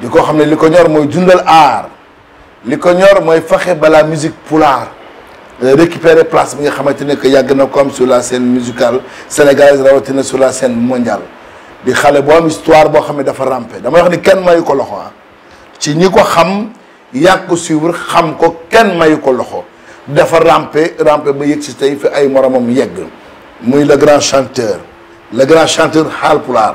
di ko xam ne li ko ñor mooy dundal aar li ko ñor mooy fexe ba la musique pulaar récupérer place bi nga xamante ne que yàgg na ko am sur la scène musicale sénégalaise rawatina sur la scène mondiale di xale boo am histoire boo xam ne dafa rampe dama wax ni kenn mayu ko loxo ah ci ñi ko xam yàgg ko suivre xam ko kenn mayu ko loxo dafa rampe rampe ba yëg si tey fi ay moromam yegg muy le grand chanteur le grand chanteur Haalpulaar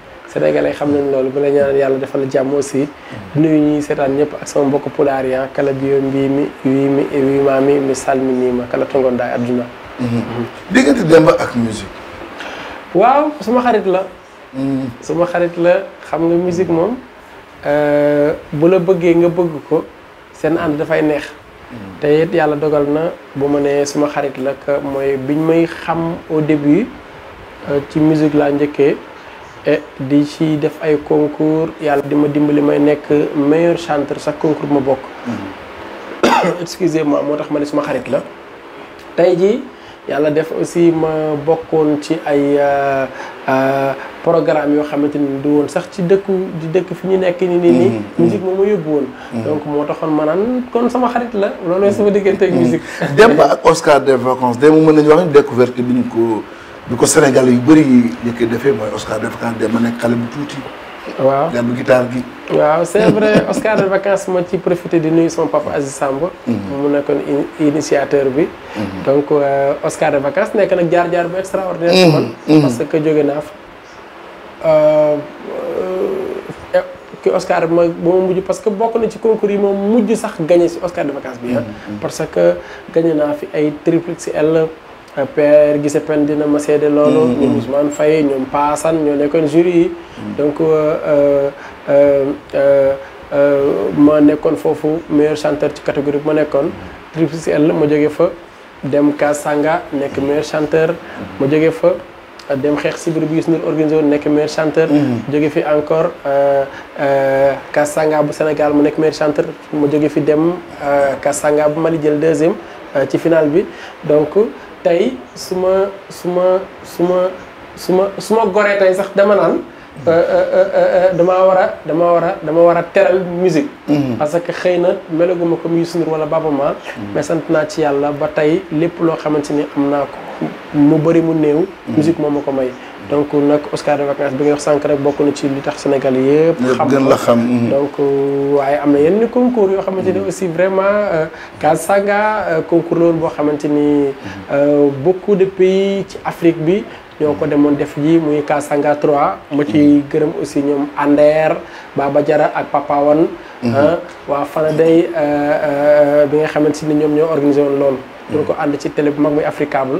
sénégalais xam nañ loolu bu la ñaan yàlla defal jàmm aussi nuyu ñuy seetaan ñëpp ak sama mbokk pulaar yi kala biyo mbii mi wii mi wii maa mi mi salmi nii ma kala tongondaay adduna mhm. diggante Demba ak musique waaw sama xarit la mhm. sama xarit la xam nga musique moom euh, bu la bëggee nga bëgg ko seen ànd dafay neex mhm. te it yàlla dogal na bu ma nee suma xarit la que mooy biñ may xam au début euh, ci musique laa njëkkee Eh, di ci def ay concours yalla di dimbali may nek meilleur chanteur sa concours ma bok excusez moi motax tax suma xarit la tay ji yalla def aussi ma bokone ci ay euh, euh, programme yo xamanteni du won sax ci dekk di dekk fi ñu nek ni ni nii mm-hmm. musique moom ma yóbbu mm-hmm. donc mo taxone manan kon sama xarit la loolooy sama diggante ak mm-hmm. musique Demba ak Oscar des vacances démb meun ñu wax ni découverte biñ ko bi senegal yu bari yi ko defee moy Oscar de vacances dem nek nekk xale bu tuuti. waaw gàddu guitar gi. waaw c'est vrai Oscar de vacances mo ci profiter di nuyu son papa Aziz Samba. Mhm. mu kon initiateur bi. Mhm. donc euh, Oscar de vacances nek nak jaar-jaar bu extraordinaire si mhm. parce que jogé naa fa. Euh, euh, ki Oscar bi bo mu ma parce que bokku na ci concours yi moom mujj sax gagner ci Oscar de vacances bi ah. parce que gagner na fi ay triplex L père Guissé Pène dina ma seede loolu mm-hmm. ñoom Ousmane Faye ñoom Paasan ñoo nekkoon jury mm-hmm. euh donc euh, euh, euh, ma nekkoon foofu meilleur chanteur ci catégorie ma nekkoon triple L ma jógee fa dem Kasanga nekk meilleur chanteur ma jógee fa dem xeex sibir bu gis nul organisé nek nekk meilleur chanteur mm-hmm. jóge fi encore Kasanga bu Sénégal mu nek meilleur chanteur ma jóge fi dem Kasanga bu Mali jël deuxième ci final bi donc tey su ma su ma su ma su ma su ma goree tey sax dama naan euh, euh, euh, dama war a damaa war a dama war a teral musique mm-hmm. parce que xëy na melaguma comme Youssou Ndour wala Baaba Maal mm-hmm. mais sant naa ci yàlla ba tey lépp loo xamante ni am naa ko mu bëri mu néew mm-hmm. musique moom ma ko may donc nak Oscar de vacances bi nga wax sank rek bokku na ci li tax Sénégal yépp xam gën la xam mhm. donc euh, waye amna yenn concours yo xamanteni mhm. aussi vraiment Kasanga euh, euh, concours lool bo xamanteni mhm. beaucoup de pays ci Afrique bi. ñoo ko demoon def yi muy Kasanga 3 ma ci gërëm aussi ñom Ander Baba Jara ak Papa Wan. Ah, euh euh bi nga xamanteni ñom ñoo organiser lool loolu. donc and ci télé bu mag muy Africable.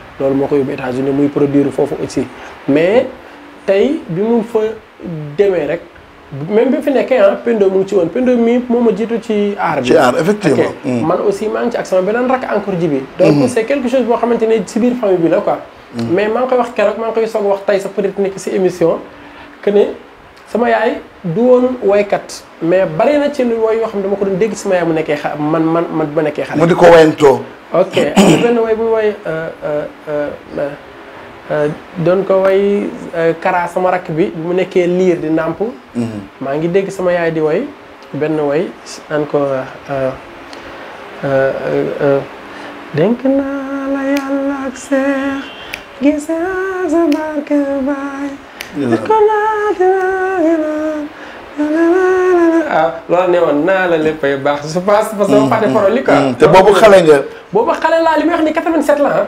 loolu moo ko yóbbu États-Unis muy produire foofu aussi mais tey bi mu fa demee rek même bi fi nekkee ah Pendo mu ci woon Pendo mi moo ma jiitu ci aar bi. ci aar effectivement mm. man aussi maa ngi ci ak sama beneen rakk encore ji bi. donc mm-hmm. quelque chose boo xamante ne si biir famille bi la quoi. Mm-hmm. mais maa koy wax keroog maa koy soog wax tey sax peut être nekk si émission que sama yaay du woon woykat mais bari na ci lu woy yoo xam ne dama ko doon dégg sama yaay mu nekkee xa man man man bu nekkee xale. mu di ko wayantoo. ok woy bu woy euh, euh, euh, doon ko woy sama rakk bi mu nekkee liir di nàmp. Mhm. maa ngi dégg sama yaay di woy benn woy ko naa la yàlla ak seex gis sa barke baay. ah loolu ne woon naa la léppay baax je pense parce que pas de parole li quoi. Mm, mm, mm. te boobu xale nga. boobu xale laa li may wax ni 87 la ah.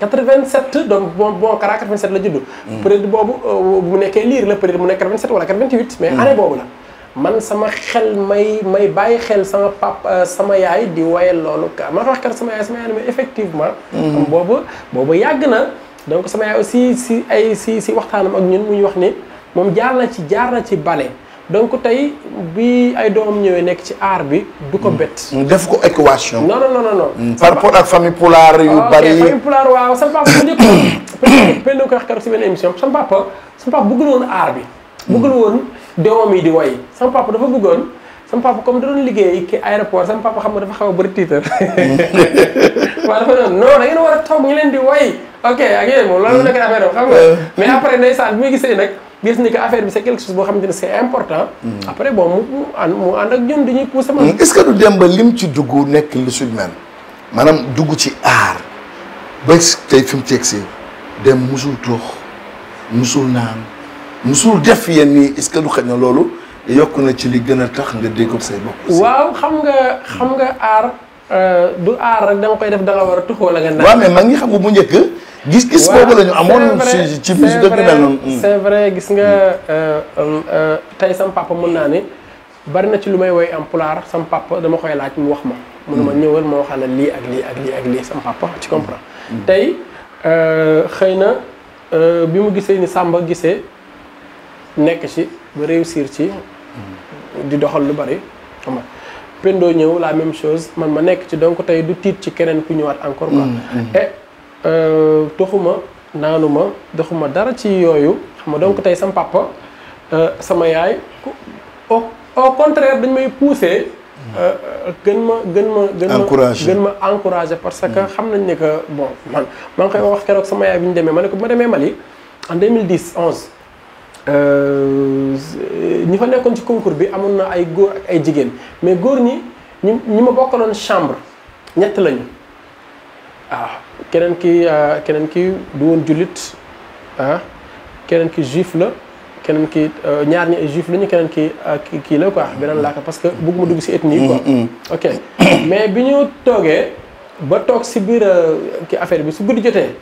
87 donc bon bon Kara 87 la judd. peut boobu euh, bu nekkee liir la peut-être mu nekk 87 wala 88. mais année boobu la. man sama xel may may bàyyi xel sama pap euh, sama yaay di woyal loolu ka ma wax kat sama yaay sama yaay mais effectivement. boobu boobu yàgg na. donc sama aussi si ay si si waxtanam ak ñun muy wax ni mom jaar na ci jaar na ci balé donc tay bi ay doom ñëwé nek ci art bi du ko mm. bett. Mm, def ko équation. non non non non. Mm, par rapport ak famille pulaar yu ah, bari. famille pulaar waaw sama papa bu ñëk peut ko wax keroog si benn émission sama papa sama papa bëggul won art bi. bëggul won doom yi di way sama papa dafa bëggoon. sama papa comme da doon liggéey ki aéroport sama papa xam nga dafa xaw a bëri waaw dafa non da ngeen wara tok ngi leen di way. ok ak yooyu moom loolu la nekk affaire am xam nga. Euh. mais après ndeysaan bi muy gisee nag gis ni que affaire bi c' est quelque chose boo xamante ne c' mm. dañuy poussé ma. Mm. est ce que du dem ba lim ci dugg nekk lu suñ mel maanaam dugg ci aar ba fi mu teg si dem musul toox musul naan musul def yenn nii est ce que du na loolu yokk na ci li gën a tax nga déggoog say bopp. xam nga aar. Euh, du aar rek da koy def da war a tuxoo la nga naan. waaw mais maa ngi xam bu njëkk. gis-gis boobu la amoon. ci ci musique dëgg mel noonu. Hmm. vrai gis nga hmm. euh, euh, tey sam papa mën naa ni bari na ci lu may woy am pulaar sam papa dama koy laaj mu wax ma. mun ma hmm. ñëwal ma waxal la lii ak lii ak lii ak lii sam papa ci comprend tey xëy na bi mu gisee ni Samba gisee nekk ci ba réussir ci. di doxal lu bari xam la même chose man ma ci donc du encore et toxuma suis doxuma dara ci donc mm. suis euh, sama papa sama mère au au contraire de me pousser poussé euh, euh, ma encouragé parce que mm. xam nañ que bon man en 2010 11 Euh, ñi fa nekkoon ci concours bi amoon na ay góor ay jigéen mais góor ñi ñu ñi ma bokkaloon chambre ñett lañu waaw ah, keneen ki ah, keneen ki du woon jullit ah, keneen ki juif la keneen ki euh, ñaar ñi ay juif lañu keneen ki kii la quoi beneen laaka parce que bëgguma dugg si ethnie quoi mm-hmm, mm-hmm. ok mais bi ñu toogee ba toog si biir euh, ki affaire bi su guddi jotee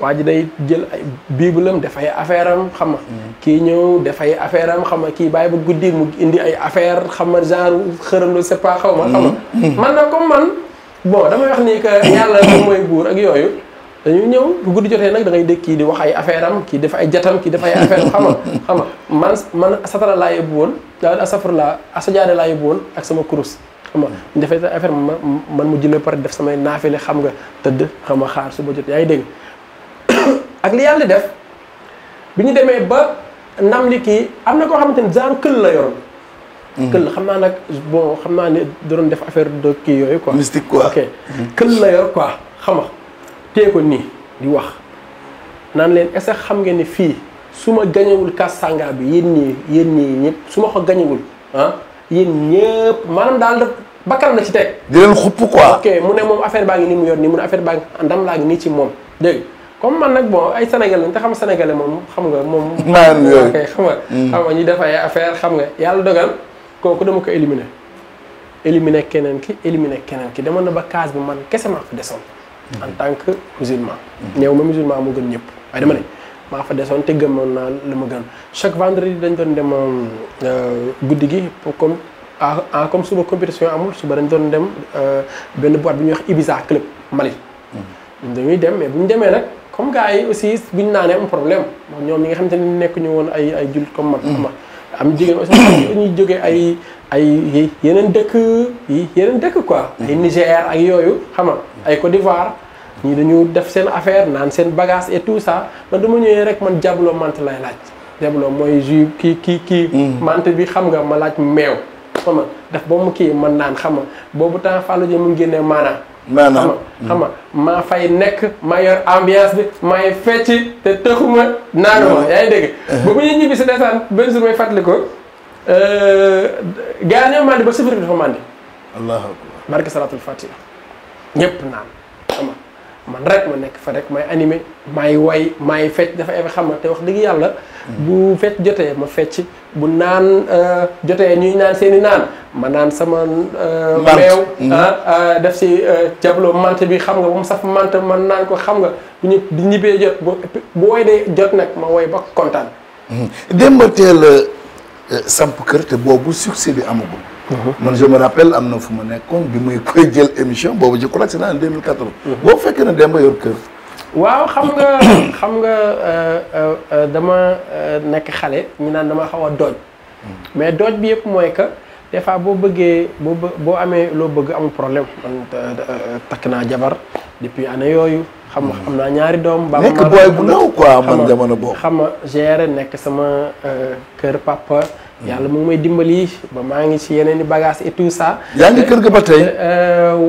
waa ji day jël ay bible am dafay affaire am xam nga mm. kii ñëw dafay affaire am xam nga kii bàyyi ba guddi mu indi ay affaire xam nga genre xërando c'est pas xaw ma xam mm. mm. man nag comme man bon damay wax ni que yàlla moom mooy buur ak yooyu dañuy ñëw bu guddi jotee nag da ngay dégg kii di wax ay affaire am kii def ay jatam kii def ay affaire am man man satara laa yóbbu woon daal asafar laa asajaade laa ak sama kurus xam nga ñu defee affaire man mu jëlee pare def samay naafile xam nga tëdd xam nga xaar suba jot yaa ngi dégg ak li yàlla def bi ñu demee ba ndam li kii am na koo xamante ni genre këll la yoroon. Hmm. këll xam naa nag bon xam naa ne doon def affaire de kii yooyu quoi. mystique quoi hmm. la yor quoi xam nga téye ko nii di wax naan leen est xam ngeen ni fii su ma gañewul kas sànga bi yéen yéen ñii ñëpp su ma ko gañewul ah yéen ñëpp maanaam daal def bakkan la ci teg. ok mu ne moom affaire baa ngi nii mu yor nii mu ne affaire baa ngi ndam laa ngi nii ci moom comme man nag bon ay sénégalais te xam sénégalais moom xam nga moom. naan yooyu ok xam nga. Mm. xam nga def ay affaire xam nga yàlla dogal kooku dama ko éliminer. éliminer keneen ki éliminer keneen ki demoon na ba case bi man kese maa fa desoon. Mm. en tant que musulman. ñëw mm. ma musulman moo gën ñëpp waaye dama ne maa fa desoon te gën gëmoon naa la ma gën chaque vendredi dañ doon dem euh, guddi gi pour comme ah, ah comme suba compétition amul suba dañ doon dem euh, benn boîte bi ñu wax ibisa club Mali. dañuy bu ñu demee nag. comme gars ay aussi buñ naanee am problème ñoom ñi nga xamante ni nekk ñu woon ay ay jullit comme man. Mm. xam am jigéen aussi ñuy jóge ay ay yeneen dëkk yi yeneen dëkk quoi. Mm. ay Niger ak yooyu xam nga ay Côte d'Ivoire. ñii dañu def seen affaire naan seen bagage et tout ça man ma ñëwee rek man jablo mante lay laaj. jablo mooy jus kii kii kii. Mm. mante bi xam nga ma laaj meew. xam nga def ba mu kii man naan xam nga boobu temps Fallou Dieng mu génnee maanaa. maanaam hmm. xam nga maa fay nekk maa yor ambiance bi maay fecc te tëxuma naanuma yaa ngi dégg eh. ba ñibbi si desaan benn jour may fàttali ko euh, gaa ñoo mandi ba safari bi dafa mandi allahu akbar barke salatul fatiha naan man rek ma nekk fa rek may animé may way may fecc dafa efe xam nga te wax dëgg yàlla bu fecc jotee ma fecc bu naan euh, jotee ñuy naan seeni naan ma naan sama euh, meew mhm. ah, euh, def si jablo mante bi xam nga ba mu saf mante man naan ko xam nga bu di ñibbee jot bu woy dee jot nag ma woy ba kontaan mhm. démb teel samp kër te boobu succès bi amagul man je me rappelle am na fu ma nekkoon bi muy koy jël émission boobu je crois que c'est en 2014. boo fekkee ne Demba yor kër. waaw xam nga xam nga euh, euh, euh, dama nekk xale ñu naan dama xaw a mais dooj bi yëpp mooy que des fois boo bëggee boo boo amee loo bëgg problème man takk naa jabar depuis année yooyu. xam nga am naa ñaari doom. baba nekk booy bu ndaw quoi man jamono boobu. xam nga géré nekk sama kër papa. yàlla moom ngi may dimbali ba maa ngi ci yeneen i bagages et tout ça. yaa kër ga ba tey.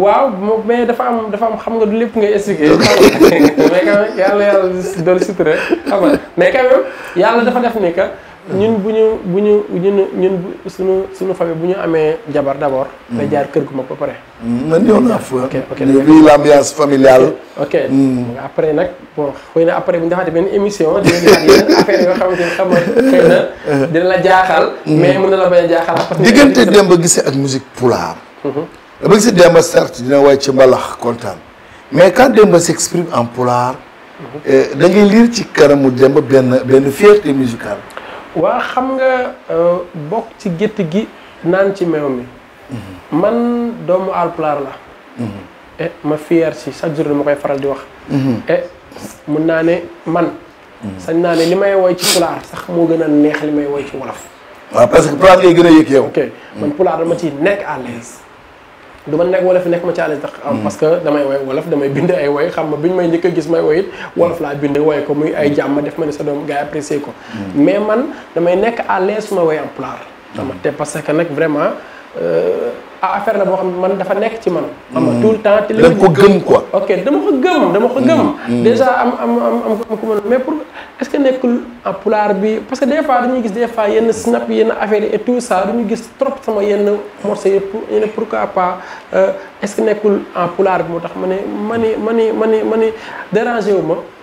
waaw mais dafa am dafa am xam nga du lépp ngay expliqué. mais quand même yàlla yàlla dolli sutura xam nga mais quand même yàlla dafa def ni que. ñun buñu buñu ñun ñun suñu suñu famille buñu amé jabar d'abord mm. da jaar kër gu mag ba pare. Mm, man yow na fu ok ok l'ambiance familiale. ok mm. après nak bon xoyna après buñu defati ben émission. dinañ defaat yeneen affaire yoo xamante ni xam nga xëy na dina la jaaxal. mais mëna la bañ jaaxal. parce que diggante Demba Guissé ak musique poulard pulaar. Mm-hmm. Demba Guissé Demba certes dina way ci mbalax kontaan mais quand Demba s' exprime en pulaar. Mm-hmm. Eh, da ngay lire ci karamu Demba ben ben fierté musicale. waa xam nga euh, bokk ci gétt gi naan ci meew mi mhm. man doomu alpulaar la mhm. eh, ma fier si chaque jour dama koy faral di wax e mun naa ne man sañ naa ne li may woy ci pulaar sax moo gën a neex li may woy ci wolof waa ah, parce que pulaar ngay gën a yëg yow ok man pulaar dama ci nekk à du ma nekk wolof nekk ma ci àll am hmm. parce que damay woy wolof damay bind ay woy xam ma bi ñu may njëkk a gis may woy it wolof laa bind woy ko muy ay jàmm def ma ne sa doom gars yi apprécier ko hmm. mais man damay nekk à suma su ma woy en pulaar xam hmm. te parce que nag vraiment euh, Ah, affaire la boo xam ne man dafa nekk ci man. xam nga mm. tout le temps. ko gëm quoi. ok dama ko gëm dama ko gëm. Mm, mm. dèjà am am am am ku ma pour est que nekkul en pulaar bi parce que des fois dañuy gis des fois yenn snap yenn affaire yi et tout ça dañuy gis trop sama yenn morceaux yi pour ñu ne pourquoi pas euh, est que nekkul en pulaar bi moo tax ma ne man ne man ne ma ne ma dérangé wu ma.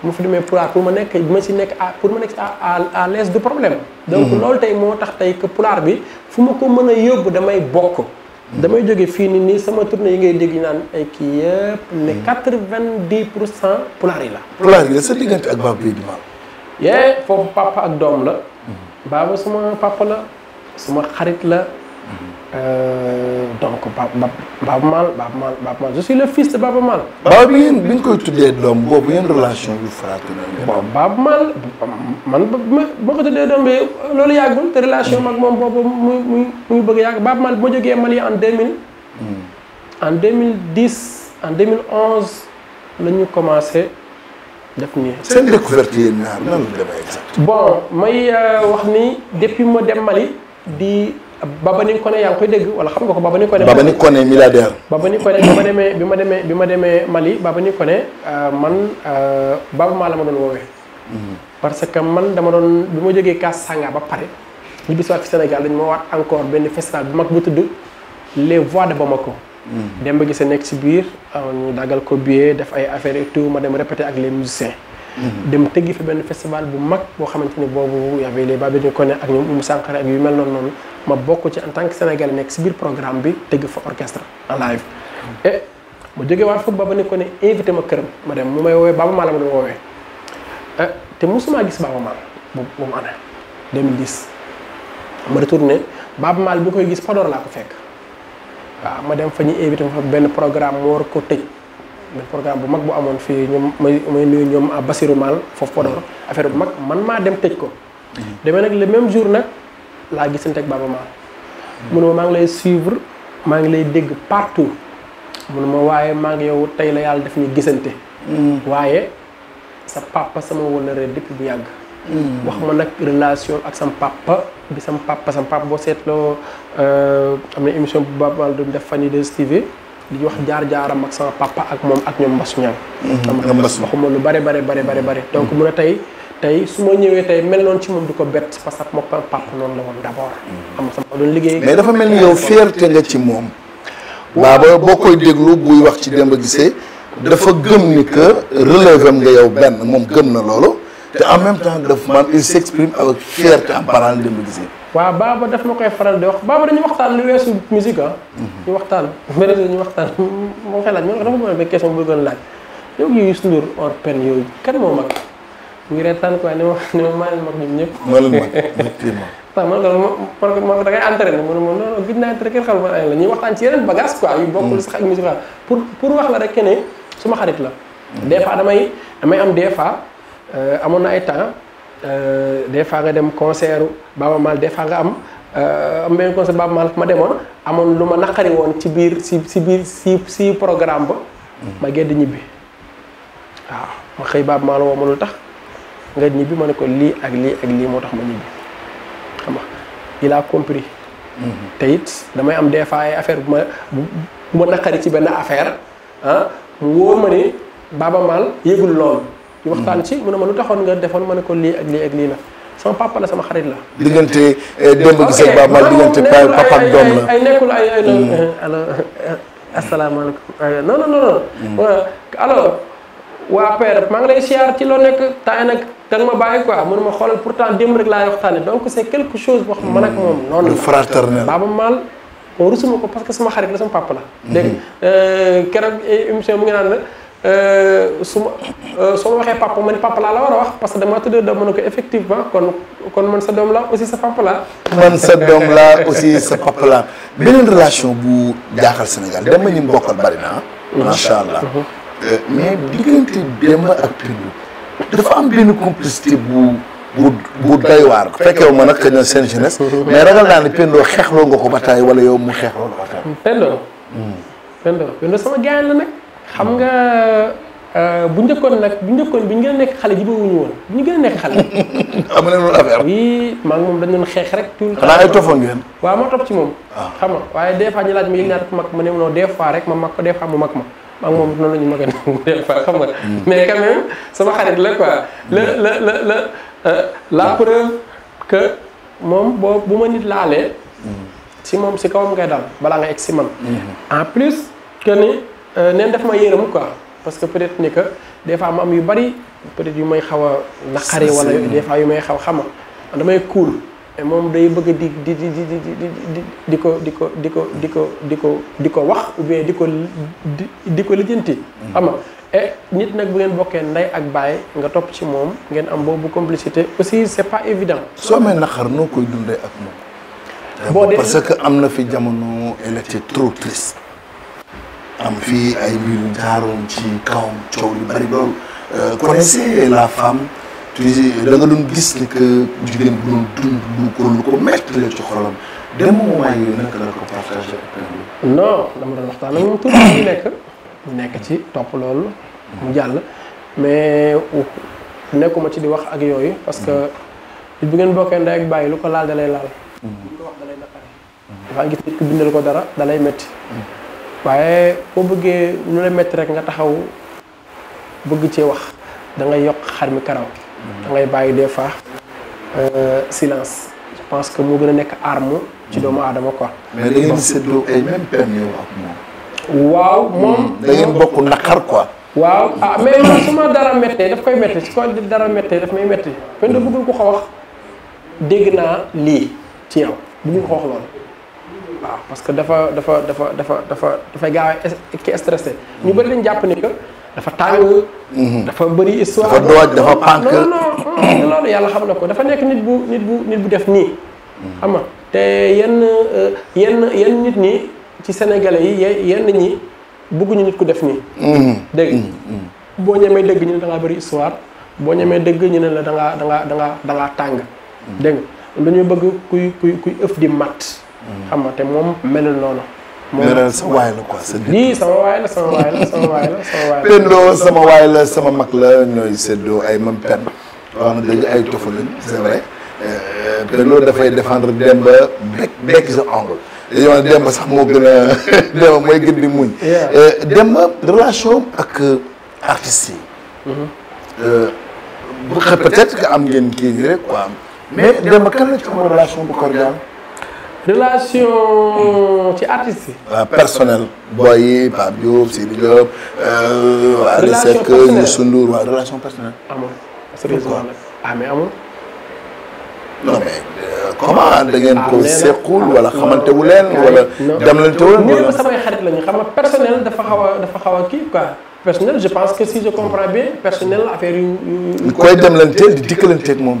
mu fi demee pulaar pour ma nekk ma si nekk ah pour ma nekk à à l'aise du problème. donc mhm. loolu tey moo tax tey que pulaar bi fu ma ko mën a yóbbu damay bokk. damay jóge fii ni nii sama tournée yi ngay dégg naan ay kii yëpp ne mhm. quatre-vingt-dix pour cent pulaar yi la. pulaar yi la sa diggante ak Baba Beye Dimal. yee foofu papa ak doom la. Mhm. Baba suma papa la suma xarit la. Euh, donc Baaba Baaba Maal je suis le fils de Baaba Maal. Baaba bi ngeen koy tuddé doom bobu yéen relation yu faatu na. bon man ba ko tuddee doom bi loolu relation mag mom bobu muy muy muy bëgg yag yàgg Baaba bu Mali en 2000. Hmm. en 2010 en 2011 lañu commencé def nii. sen découverte yéen nan la exact. bon may euh, wax ni depuis mo dem Mali di. Babani Koné yaa ngi koy dégg wala xam nga ko Babani Koné. Babani Koné milliardaire. Babani Koné bi ma demee bi ma demee bi ma demee Mali Babani Koné euh, man euh, Baba maa la ma doon woowee. Mhm. parce que man dama doon bi ma jógee Kaasanga ba pare ñu bisiwaat fi Sénégal dañ ma waat encore benn festival bu mag bu tudd les voix de Bamako. Mhm. dem ba gisee nekk si biir euh, ñu daggal ko billet def ay affaires et tout ma dem répété ak le musiciens. dem tëggi fi benn festival bu mag boo xamante ni boobu y'avait les Babadook Koné ak ñoom Oumou Sankara ak yu mel noonu noonu ma bokk ci en tant que sénégalais nekk si biir programme bi tëgg fa orchestre en live. et ma jógee waat fa Babadook Koné invité ma këram ma dem mu may woowee Baba Maal la ma doon woowee eh, te mosuma gis Baba Maal boobu boobu année 2010 ma koy gis Podor laa ko fekk waaw ma dem fa ñu invité fa benn programme mu war ko tëj. benn programme bu mag bu amoon fii ñoom may may nuyu ñoom à ah, Basirou Mal foofu Podor mm-hmm. affaire bu mag man maa dem tëj ko. Mm-hmm. demee nag le même jour nag laa gisante ak Baaba Maal. Mm-hmm. mu ma maa ngi lay suivre maa ngi lay dégg partout mu ne ma waaye maa ngi yow tey la yàlla def ñu gisante. waaye sa papa sama wóllare depuis bu yàgg. wax ma nag relation ak sam papa bi sam papa sam papa boo seetloo euh, am na émission bu Baaba Maal doon def fan yii de di wax jaar-jaaram ak sama papa ak moom ak ñoom Mbass Niang. ñoom mhm. Mbass waxuma lu bare bare bare bare bare. donc mu ne tey tey su ma ñëwee tey mel noonu ci moom du ko bett parce que moom papa noonu la woon d' abord. xam nga sama liggéey. mais dafa mel ni yow fierté nga ci moom. waaw ba boo koy déglu buy wax ci Demba Guissé dafa gëm ni que relève am nga yow benn moom gëm na loolu. te en même temps daf man il s' exprime avec fierté en parlant Demba Guissé. waaw baaba daf ma koy faral di wax baaba dañu waxtaan lu weesu musique ah. ñu mhm. waxtaan mbir mi ñu waxtaan mu xelaat ñu ne dafa mën a question bu bëggoon laaj yow gi Youssou Ndour hors peine yooyu kan moo mag ñu reetaan quoi ni ma ni ma maa leen mag ñun ñëpp. maa leen mag effectivement. waaw man loolu moom man da ngay entraîné ma ne ma non non gis naa entraîné kenn xamul ma la ñuy waxtaan ci yeneen bagage quoi. yu bokkul mhm. sax ak musique pour pour wax la rek que ne suma xarit la. Mhm. des fois damay damay am des fois euh, amoon na ay temps. Euh, des fois nga dem concert Baaba Maal des fois nga am euh, am benn concert Baaba ma demoon amoon lu ma naqari woon ci biir si si biir si si programme ba. ma gedd ñibbi waaw ma xëy Baaba woo ma tax nga ñibbi ma ne ko lii ak lii ak lii moo tax ma ñibbi xam nga il compris. Mm-hmm. te damay am des fois ay affaire bu ma bu ma naqari ci benn affaire ah mu wóor ma ni Baaba Maal yëgul ñu waxtaan ci mu ne ma lu taxoon nga defoon ma ne ko lii ak lii ak lii la sama papa la sama xarit la. diggante eh, démb gis ak baamaal diggante papa ak doom la ay nekkul ay ay hmm. alors asalaamaaleykum non non non non. Hmm. alors waa père ci loo nekk temps nag danga ma bàyyi quoi mënu ma xoolal pourtant démb rek laay waxtaanee donc c' est quelque chose boo xam man ak moom. noonu rusuma ko parce que sama xarit la sama papa la. Hmm. dégg nga euh, keroog émission mu ngi naan la. Euh, su ma euh, su ma waxee papa ma ne laa la war a wax parce que dama tudd doom ma ne ko effectivement kon kon man sa doom la aussi sa papa la man sa doom la aussi sa papa la beneen relation bu jaaxal Sénégal dama ñu bokkal bari na macha allah mhm. euh, mais diggante Demba ak Pindu dafa am benn complicité bu bu bu doy waar fekkew ma nag xëy na seen jeunesse mais ragal naa ne Pindoo xeexloo nga ko bataay wala yow mu xeexloo nga bataay Pindoo hmm. Pindoo Pindoo xam nga euh, bu njëkkoon nag bu njëkkoon bi ñu gën a nekk xale ji ba wuñu woon bu ñu gën a nekk xale. am na loolu affaire oui maa ngi moom dañ doon xeex rek. tout le temps xanaa ay tofoon ngeen. waaw moo topp ci moom. Ah. xam nga waaye ma yëg ne non des fois rek ma mag ko des fois mu mag ma. maa ngi moom noonu la ñu mag a des fois xam nga. Hmm. mais quand même sama xarit la quoi. Hmm. Euh, la la la la la preuve que moom bu ma nit laalee. si hmm. moom si kawam ngay dal balaa nga ek si man. en plus que Euh, neen daf ma yërëm quoi parce que peut-être ni que des fois ma am yu bari peut-être yu may xaw a naqari wala mm. des fois yu may xaw xama damay cool moom day bëgg di di di di di di ko di ko di ko di ko di ko di ko wax ou di ko di di ko lijjanti mm. xam nit nag bu ngeen bokkee ndey ak baay nga topp ci moom ngeen am boobu complicité aussi c'est pas évident soo amee naqar noo koy dundee ak moom parce que am na fi jamono elle trop triste am fii ay mbir jaaroon ci kawam coow lu bari loolu euh, connaissez la femme tu tuuti da nga doon gis ni que jigéen bu doon dund lu ko lu ko mettre ci xolam dem moment yooyu nak la ko partager non dama doon waxtaan ak moom tuuti ñu nekk ñu nekk ci top loolu mu jàll mais nekuma ci di wax ak yoy parce que nit bu ngeen bokkee nday ak bàyyi lu ko laal dalay laal lu ko wax dalay la mm-hmm. paré dafaa gis nit ku bindal ko dara dalay metti mm-hmm. waaye boo bëggee lu la métti rek nga taxaw bëgg cee wax dangay yokk xar mi karaw mm-hmm. da bàyyi des fois euh, silence parce que moo gën a nekk arme ci mm-hmm. doomu aadama quoi. mais da waaw mm-hmm. moom da ngeen bokk naqar quoi. waaw ah mais su ma dara méttee daf koy métti su ko dara méttee daf may métti. mais da bëggul ko ko wax dégg naa lii ci yow bëggul ko wax loolu. waaw parce que dafa dafa dafa dafa dafa dafay gaaw a ki stressé ñu bëri dañ jàpp ni que dafa tàng mhm. dafa bëri histoire dafa dooj dafa pànk non non yàlla xam na ko dafa nekk nit bu nit bu nit bu def nii mhm. ama te yenn euh, yenn yenn nit ñi ci sénégalais yi yenn ñi bëgguñu nit ku def nii mhm. dégg boo ñemee dëgg ñu ne da bëri histoire boo ñemee dëgg ñu la da ngaa da ngaa da tàng dégg dañuy bëgg kuy kuy kuy ëf di matt xam nga te moom melul noonu. melul sa waay la sa sama waay la sama waay la sama waay la sama waay la. sama waay la sama mag la ñooy séddoo ay mam pen. wax na dañu ay tofu lañ c'est vrai. Euh, Pendo dafay défendre Demba bekk bekk sa ongle. dañoo wax Demba sax moo gën a Demba mooy gën di euh, Demba relation ak artistes bu mm-hmm. euh, xëy peut-être am ngeen kii nii rek quoi. Demba kan la ci amoon relation bu relation ci ah, personnel boy euh, personnelle relation personnelle. ah mais mais euh, comment ah, da ah, ko wala xamanté wu wala xarit personnel dafa personnel je pense que si je comprends bien personnel affaire yu. dem di de mom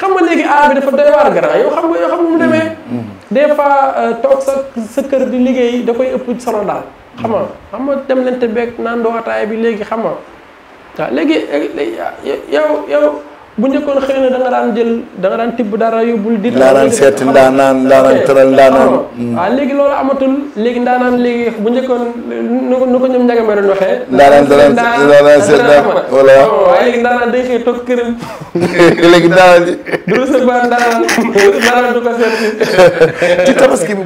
xam nga léegi aar bi dafa doy waar grand yow xam nga yoo xam mu mm-hmm. demee mm-hmm. des fois euh, toog sa sa kër di liggéey da ëpp solo daal xam nga mm-hmm. xam nga dem lente beeg naan doo ataay bi léegi xam nga waaw léegi yow yow bu njëkkoon xëy na da nga daan jël da nga daan tibb dara yóbbul di ndaanaan seeti ndaanaan ndaanaan tëral ndaanaan hmm. waaw léegi loolu amatul léegi ndaanaan léegi bu njëkkoon nu ko nu ko ñoom njagame doon waxee ndaanaan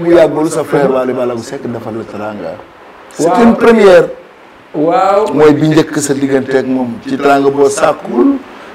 bu yàggul sa frère Waly la teranga c'est une première waaw mooy bi njëkk sa diggante ak moom ci teranga boo sàkkul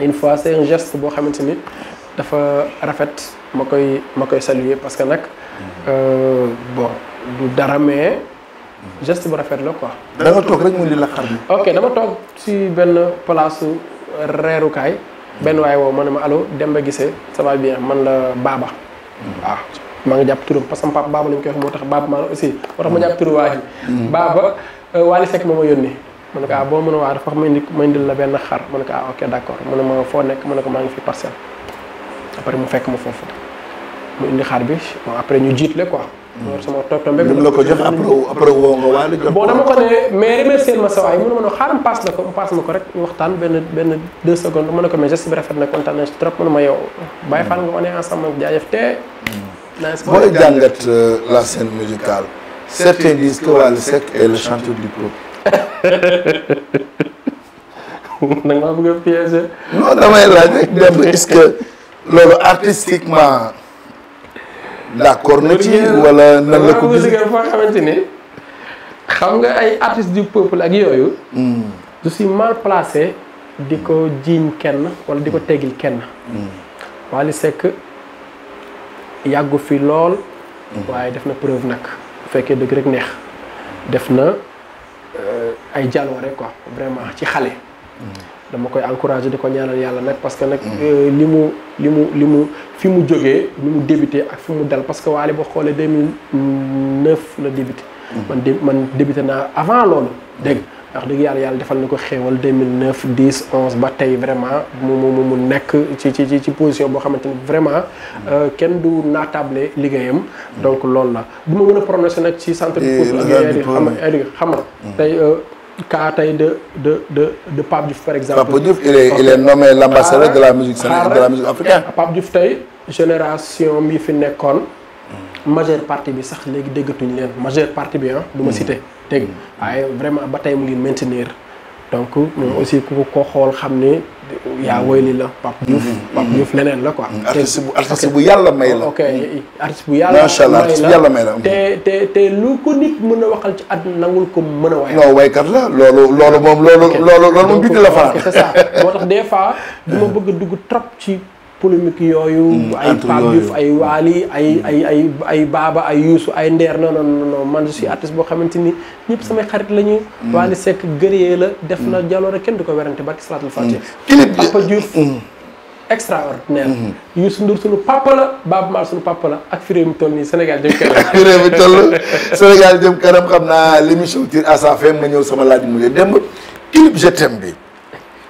une fois c'est un geste boo xamante ni dafa rafet makoy makoy saluer parce que nak euh, bon du dara mais geste bu rafet la quoi. da nga toog rek mu li la xar ok dama tok si ben place reru kay ben woo ma ne ma allo Demba Guissé ça va bien man la Baba. waaw ah, maa ngi jàpp turam parce que papa Baba lañ koy wax motax Baba maa aussi motax ma jàpp turu waji mm. Baba euh, Wally Seck moo ma mu ne ko ah boo mën a ah, ah, foofu mu indi xar bi après ñu jiit le quoi. Hmm. loolu sama toog la ko jox après après woo nga ko mais remercier ma sa waay mu ne ma ne xaaral paas ko paas ma ko rek ñu waxtaan benn benn deux secondes mu ne ko mais geste bi rafet ma yow. bàyyi fan nga ma ne ensemble jaajëf te. naa si jàngat euh, la scène musicale certains disent que Wally Seck le chanteur du peuple. nag maa bëgg a piéger. non damay laaj rek dem est-ce que loolu artistiquement d'accord na ci wala nan la ko. gis nga foo xamante ni xam nga ay artistes du peuple ak yooyu. Hmm. je suis mal placé di ko hmm. jiiñ kenn wala di ko hmm. teggil kenn. Wally Seck yàggu fi lool. waaye def na preuve nag bu fekkee dëgg rek neex def na. ay jaloore quoi vraiment ci xalé dama koy encourager diko ñaanal yalla nag parce que nak euh, limu limu limu mu li mu fi mu jógee ni mu débuté ak fi mu dal parce que walé boo xolé 2009 le débuté. Mm. man man débuté na avant loolu dégg mm. ndax dëgg yalla yalla defal na ko xéewal 2009 10 11 ba tay vraiment mu mu mu nek ci ci ci position bo xamanteni vraiment euh kenn du natable liggéeyam. Mm. donc loolu la bu ma mën nak ci centre de. pour liggéey xam nga xam nga tey. Euh, de, de, de, de Pape Diouf, par exemple. Pape Diouf, il est, il est nommé l'ambassadeur de la musique de la musique africaine. Pape Diouf, génération mi majeure partie bi sax majeure partie bi ah, hmm. hmm. vraiment maintenir. donc moom aussi ku ko xool xam ne yaa woyli la Pape Diouf Pape Diouf leneen la quoi mm-hmm. artiste bu artiste bu yàlla may la ok mm-hmm. artiste bu yàlla macha allah artiste may la te te te lu ko nit mën a waxal ci at nangul ko mën a way non waykat la loolu loolu moom loolu loolu loolu moom bitti la faral c'est moo tax des fois du ma bëgg a dugg trop ci polémique yooyu. Mm, ay Pape Diouf ay Waly ay mm. ay ay ay Baba ay Youssou ay Nder non non non man je suis mm. boo xamante ni ñëpp samay xarit la ñu. Waly Seck gëree la. def na jaloore kenn du ko werante barki salaatul fatiha. clip Papa Diouf. extraordinaire. Youssou Ndour sunu papa la Baaba Maal sunu papa la ak fi réew mi toll nii Sénégal jëm kanam. fi réew mi toll Sénégal jëm kanam xam naa l'émission tire à sa fin ma ñëw sama laaj mu mujj démb clip je bi.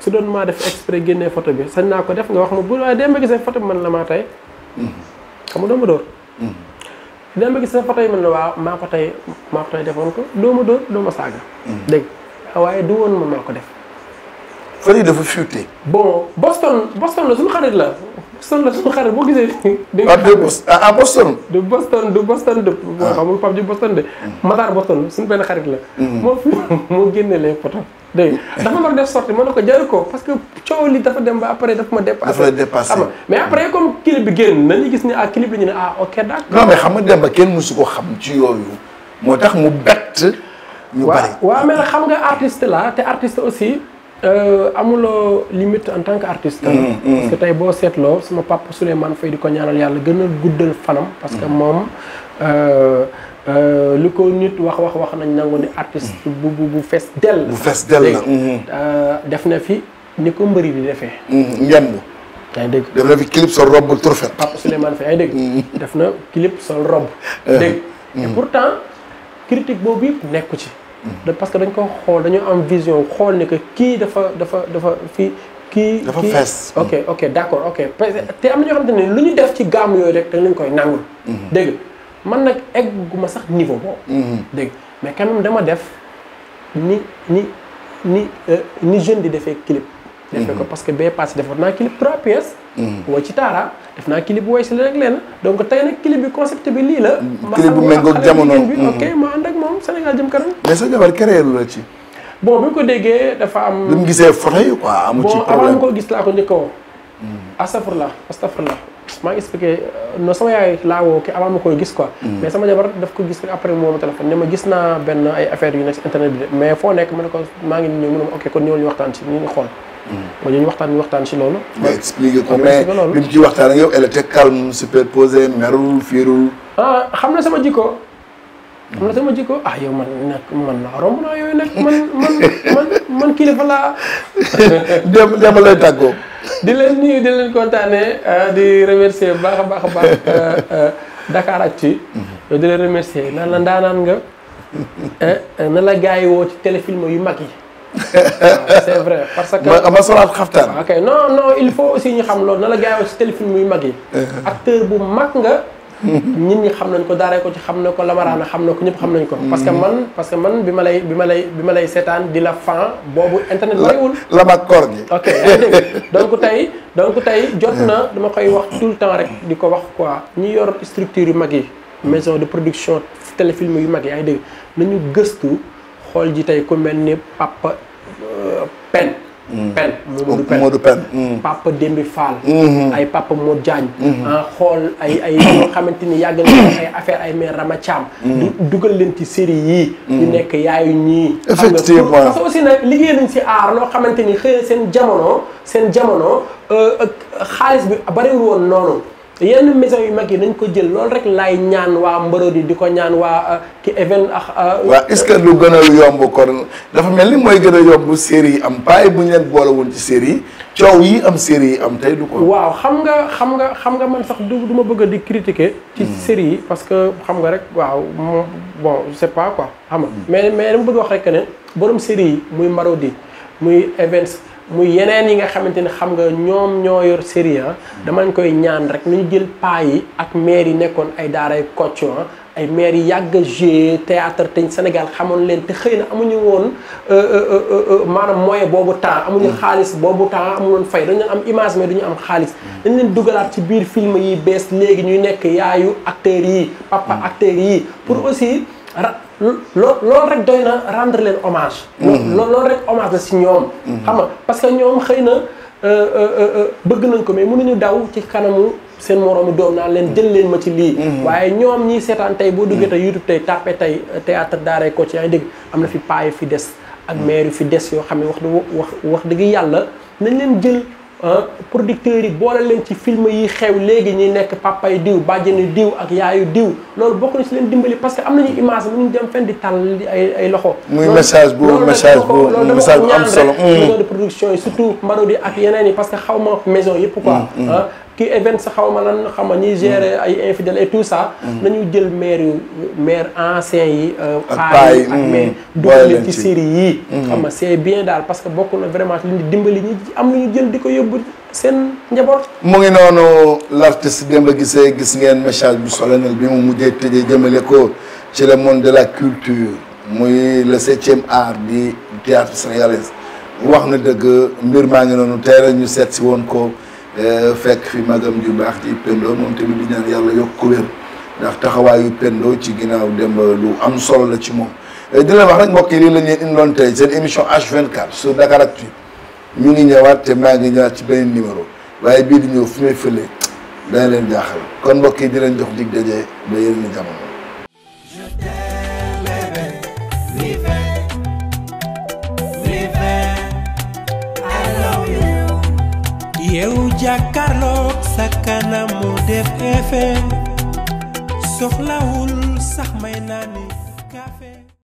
su doon maa def exprès génnee photo bi sañ naa ko def nga wax ma bu waaye dem ba gisee photo bi man la maa tey xam nga doo ma dóor dem ba gisee photo yi man la waaw maa ko tey maa ko tey defoon ko doo ma dóor doo ma saaga dégg waaye du woon ma maa ko def fan yi dafa fuité bon Boston Boston la suñu xarit la Boston la suñu xarit boo gisee ah, ah, ah Boston du Boston du Boston de xamul Pape ji Boston de ah. mm. Boston suñu benn xarit la mm. moo fi moo génne les dégg dafa mën a def sorti ma ne ko jaru ko parce que coow li dafa dem ba après daf ma dépassé. dafa dépassé xam mais après comme clip bi génn nañu gis ni ah clip la ñu ne ah ok d'accord. non mais xam nga dem ba kenn mësu ko xam ci yooyu moo tax mu bett. ñu bari waaw mais xam nga artiste la te artist aussi. Euh, amuloo limite en tant que artiste. Mm, mm. parce que tey boo seetloo sama pap Souleymane Faye di ko ñaanal yàlla gën a guddal fanam. parce que moom. Euh, Euh, li ko nit wax wax wax nañ nangu ne artiste mm. bu bu bu fees dell. bu fees dell la mm-hmm. euh, def na fi ni ko mbëri di defee. Mm-hmm. njëmb. yaa ngi dégg def na fi clip sol robe bu turfet. Papa Souleymane Faye yaa ngi dégg. Mm-hmm. def na clip sol robe. Eh. dégg et pourtant critique boobu yëpp nekku ci. parce que dañ ko xool dañu am vision xool ne que kii dafa dafa dafa fi kii dafa fees. ok ok d' accord ok te am na ñoo xamante ne lu ñu def ci gàmm yooyu rek dañ leen koy nangul. dégg man nag egguma sax niveau boobu. Mhm. dégg mais quand dama def ni ni ni euh, ni jeune di defee clip. defee ko mhm. parce que bee passé defoon naa clip trois pièces. Mhm. woo ci taara def naa clip wooy si leneen ak leneen donc tey nag clip bi concept bi lii la. ma clip bu méngoog jamono bi ok ma ànd moom Sénégal jëm kanam. mais sa jabar créé lu la ci. bon bi ñu ko déggee dafa am. lu mu gisee photo yi quoi am ci am bon avant ko gis laa ko njëkk a woo. astafurlah la maa ngi expliqué non sama yaay laa woo ki avant ma koy gis quoi. Mm. mais sama jabar daf ko gis après moom ma téléphone ne ma gis naa benn ay affaire yu nekk si internet bi de mais foo nekk ma ko maa ngi ñëw mu ne ma ok kon ñëwal ñu waxtaan si ñu ngi xool. ma mm. ñu waxtaan ñu waxtaan si loolu. ma expliqué ko mais li ah, xam na sama jikko. am na sama jikko ah yow man nag man naa romb naa yooyu nag man man man man kilifa laa. dem dem lay tàggoo. di leen nuyu di leen kontaanee ah, di remercier bu baax a baax a baax ah, ah, Dakaractu. Mhm. di leen remercier na la ndaanaan nga. na la gars yi woo ci téléfilm yu mag yi. c'est vrai parce que. ma ma solaat xaftaan. ok no non il faut aussi ñu xam loolu na la gars woo ci téléfilm yu mag yi. acteur bu mag nit ñi xam nañ ko daaree ko ci xam na ko lamaraana xam na ko ñëpp xam nañ ko parce que mm. man parce que man bi ma lay bi ma lay bi ma lay seetaan di la fan boobu internet bariwul lamak koor gi ok donc tey donc tey jot na dama koy wax tout le temps rek di ko wax quoi ñi yor structure yu mag yi mm. maison de production téléfilm yu mag yi ay dégg nañu gëstu xool ji tey ku mel ni Papa euh, Pen Mm. pen Modou Pen mm. papa Demba Fall mm-hmm. ay papa Modou Diagne mm-hmm. ah, xool ay ay xamante ni yàgg nañu ay affaire ay mère Rama mm-hmm. dugal leen ci série yi ñu nekk yaayu ñii effectivement parce que aussi nag liggéey nañ si aar loo xamante ni xëy seen jamono seen jamono euh, xaalis bi bariwul woon noonu yenn maison yu mag yi dañ ko jël lool rek laay ñaan waa Mborodi di ko ñaan waa euh, ki even ah. Euh, waaw est-ce que lu gën a yomb kon dafa mel ni mooy gën a yomb série yi am paay bu ñu leen boole woon ci série yi coow yi am série yi am tey du ko. waaw xam nga xam nga xam nga man sax du du ma bëgg di critiquer. ci hmm. série yi parce que xam nga rek waaw moom bon c'est pas quoi xam nga hmm. mais mais dama bëgg wax rekk ne borom série yi muy Mborodi muy Events. muy yeneen yi nga xamante ni xam nga ñoom ñoo yor sérieux damañ koy ñaan rek ñu jël paa yi ak maire yi nekkoon ay daaray Kocc ay maire yi yàgg a joué théâtre te Sénégal xamoon leen te xëy na amuñu woon euh, euh, euh, maanaam moyen boobu temps amuñu xaalis boobu temps amuñu woon fay dañu am image mais duñu am xaalis dañ leen dugalaat ci biir film yi bees léegi ñuy nekk yaayu acteurs yi papa acteurs yi pour mm. aussi ra loolu rek doy na rendre leen hommage. Mm-hmm. loolu rek hommage la si ñoom. Mm-hmm. xam nga parce que ñoom xëy na euh, euh, euh, bëgg nañ ko mais ñu daw ci kanamu seen moroomu doom naa leen jël leen ma ci lii. Mm-hmm. waaye ñoom ñiy seetaan tey boo duggee tey YouTube tey tàppe tey théâtre daaray ko ci yaa dëgg am na fi paa yu fi des. ak maire yu fi des yoo xam ne wax wax wax dëgg yàlla nañ leen jël. Euh, producteurs yi boole leen ci film yi xew léegi ñuy nekk papay diw bàjjani diw ak yaayu diw loolu bokk na si leen dimbali parce que am nañu image bu ñu dem fenn di tàll ay ay loxo. muy message bu message bu message bu am solo loolu mm. maison production yi surtout ak yeneen yi parce que xaw ma maison yëpp quoi. Mm, mm. Euh, kii event sa xawma lan xam ma ñuy gérer mm. ay infidèle et tout ça. Mm. nañu jël maire maire ancien yi. Euh, ak paa ak mm. mais dugal leen ci série yii. xam c'est bien dal parce que bokk na vraiment li ñu dimbali ñi am lu ñu jël diko yobbu sen njabot mo ngi noonu l'artiste Demba Guissé gis ngeen message bu solennel bi mu mudé tëjee jëmele ko ci le monde de la culture muy le 7 septième art di théâtre sénégalais wax na dëgg mbir ma ngi noonu tey ñu seet si woon ko. Eh, fekk fi magam ju baax ci Pendo moom tamit di ñaan yàlla yokk ko wér ndax taxawaayu Pendo ci ginnaaw dem eh, lu am solo la ci moom eh, di leen wax rek mbokk yi lii la ñu leen indiloon tey seen émission H24 sur Dakaractu ñu ngi ñëwaat te maa ngi ñëwaat ci beneen numéro waaye bii di ñëw fu muy fële dana leen jaaxal kon mbokk yi di leen jox dig daje ba yeneen jamono yeewu jàkkaarloog sa kanam mu def effet soxlawul sax may naa ni